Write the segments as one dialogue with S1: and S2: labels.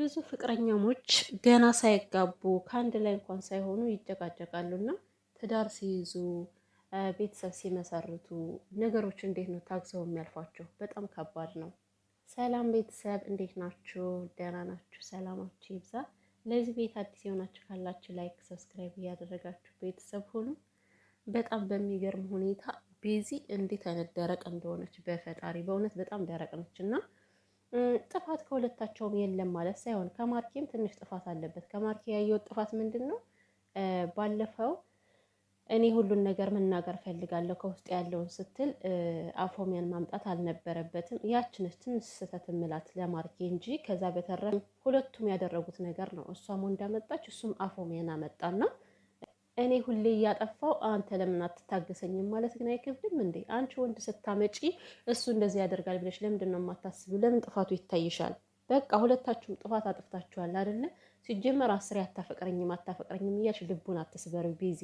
S1: ብዙ ፍቅረኛሞች ገና ሳይጋቡ ከአንድ ላይ እንኳን ሳይሆኑ ይጨቃጨቃሉና ትዳር ሲይዙ ቤተሰብ ሲመሰርቱ ነገሮች እንዴት ነው ታግዘው የሚያልፏቸው? በጣም ከባድ ነው። ሰላም ቤተሰብ እንዴት ናችሁ? ደህና ናችሁ? ሰላማችሁ ይብዛ። ለዚህ ቤት አዲስ የሆናችሁ ካላችሁ ላይክ፣ ሰብስክራይብ እያደረጋችሁ ቤተሰብ ሆኑ። በጣም በሚገርም ሁኔታ ቤዚ እንዴት አይነት ደረቅ እንደሆነች በፈጣሪ በእውነት በጣም ደረቅ ነች እና ጥፋት ከሁለታቸውም የለም ማለት ሳይሆን ከማርኬም ትንሽ ጥፋት አለበት። ከማርኬ ያየሁት ጥፋት ምንድን ነው? ባለፈው እኔ ሁሉን ነገር መናገር ፈልጋለሁ ከውስጥ ያለውን ስትል አፎሚያን ማምጣት አልነበረበትም። ያችነች ትንሽ ስህተት ምላት ለማርኬ እንጂ ከዛ በተረፈ ሁለቱም ያደረጉት ነገር ነው። እሷም ወንዳመጣች እሱም አፎሚያን አመጣና እኔ ሁሌ እያጠፋው አንተ ለምን አትታገሰኝም ማለት ግን አይከብድም እንዴ? አንቺ ወንድ ስታመጪ እሱ እንደዚህ ያደርጋል ብለሽ ለምንድን ነው የማታስቢው? ለምን ጥፋቱ ይታይሻል? በቃ ሁለታችሁም ጥፋት አጥፍታችኋል አይደለ? ሲጀመር አስሬ አታፈቅረኝም አታፈቅረኝም እያልሽ ልቡን አትስበሪው። ቢዚ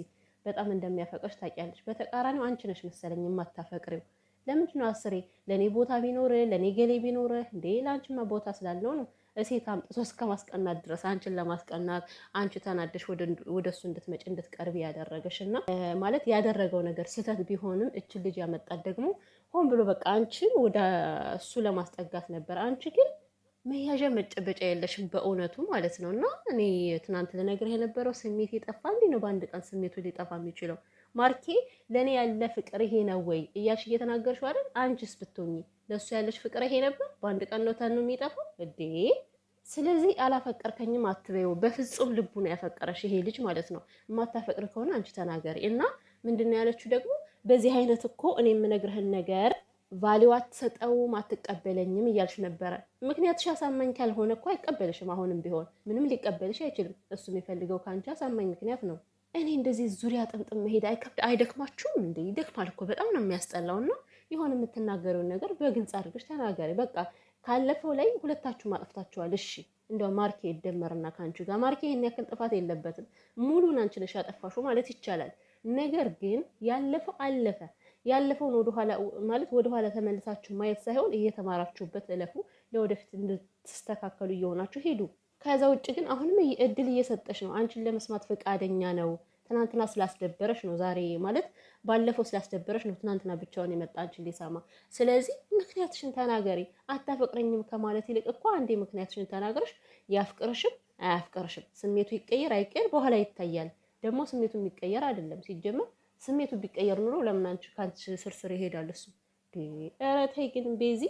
S1: በጣም እንደሚያፈቅርሽ ታውቂያለሽ። በተቃራኒው አንቺ ነሽ መሰለኝ የማታፈቅሪው። ለምንድን ነው አስሬ ለእኔ ቦታ ቢኖርህ ለእኔ ገሌ ቢኖርህ እንዴ? ለአንቺማ ቦታ ስላለው ነው እሴት አምጥቶ እስከ ማስቀናት ድረስ አንቺን ለማስቀናት አንቺ ተናደሽ ወደ እሱ እንድትመጭ እንድትቀርብ ያደረገሽ እና ማለት ያደረገው ነገር ስህተት ቢሆንም እችን ልጅ ያመጣት ደግሞ ሆን ብሎ በቃ አንቺን ወደ እሱ ለማስጠጋት ነበር። አንቺ ግን መያዣ መጨበጫ የለሽም በእውነቱ ማለት ነው። እና እኔ ትናንት ልነግርህ የነበረው ስሜት የጠፋ እንዲህ ነው። በአንድ ቀን ስሜቱ ሊጠፋ የሚችለው ማርኬ፣ ለእኔ ያለ ፍቅር ይሄ ነው ወይ እያልሽ እየተናገርሽው አይደል? አንቺስ ብትሆኚ ለእሱ ያለች ፍቅር ይሄ ነበር። በአንድ ቀን ነው ተኑ የሚጠፋው እዴ። ስለዚህ አላፈቀርከኝም አትበይው። በፍጹም ልቡ ነው ያፈቀረሽ ይሄ ልጅ ማለት ነው። የማታፈቅር ከሆነ አንቺ ተናገሪ እና ምንድን ነው ያለችው ደግሞ በዚህ አይነት እኮ እኔ የምነግርህን ነገር ቫሊዋ አትሰጠውም፣ አትቀበለኝም እያልሽ ነበረ። ምክንያትሽ አሳማኝ ካልሆነ እኮ አይቀበልሽም። አሁንም ቢሆን ምንም ሊቀበልሽ አይችልም። እሱ የሚፈልገው ከአንቺ አሳማኝ ምክንያት ነው። እኔ እንደዚህ ዙሪያ ጥምጥም መሄድ አይከብድ አይደክማችሁም እንዴ? ይደክማል እኮ በጣም ነው የሚያስጠላውና የሆነ የምትናገረውን ነገር በግልጽ አድርገሽ ተናገሪ። በቃ ካለፈው ላይ ሁለታችሁ ማጥፍታችኋል። እሺ እንደው ማርኬ ይደመርና ከአንቺ ጋር ማርኬ ይህን ያክል ጥፋት የለበትም፣ ሙሉን አንቺ ነሽ ያጠፋሽው ማለት ይቻላል። ነገር ግን ያለፈው አለፈ። ያለፈውን ወደኋላ ማለት ወደኋላ ተመልሳችሁ ማየት ሳይሆን እየተማራችሁበት እለፉ። ለወደፊት እንድትስተካከሉ እየሆናችሁ ሄዱ። ከዛ ውጭ ግን አሁንም እድል እየሰጠች ነው። አንቺን ለመስማት ፈቃደኛ ነው። ትናንትና ስላስደበረች ነው ዛሬ ማለት ባለፈው ስላስደበረች ነው ትናንትና ብቻውን የመጣች ሊሰማ። ስለዚህ ምክንያትሽን ተናገሪ። አታፈቅረኝም ከማለት ይልቅ እኮ አንዴ ምክንያትሽን ተናገርሽ። ያፍቅርሽም አያፍቅርሽም ስሜቱ ይቀየር አይቀየር በኋላ ይታያል። ደግሞ ስሜቱ የሚቀየር አይደለም ሲጀመር። ስሜቱ ቢቀየር ኑሮ ለምን አንቺ ከአንቺ ስርስር ይሄዳል እሱ። ኧረ ተይ ግን ቤዚ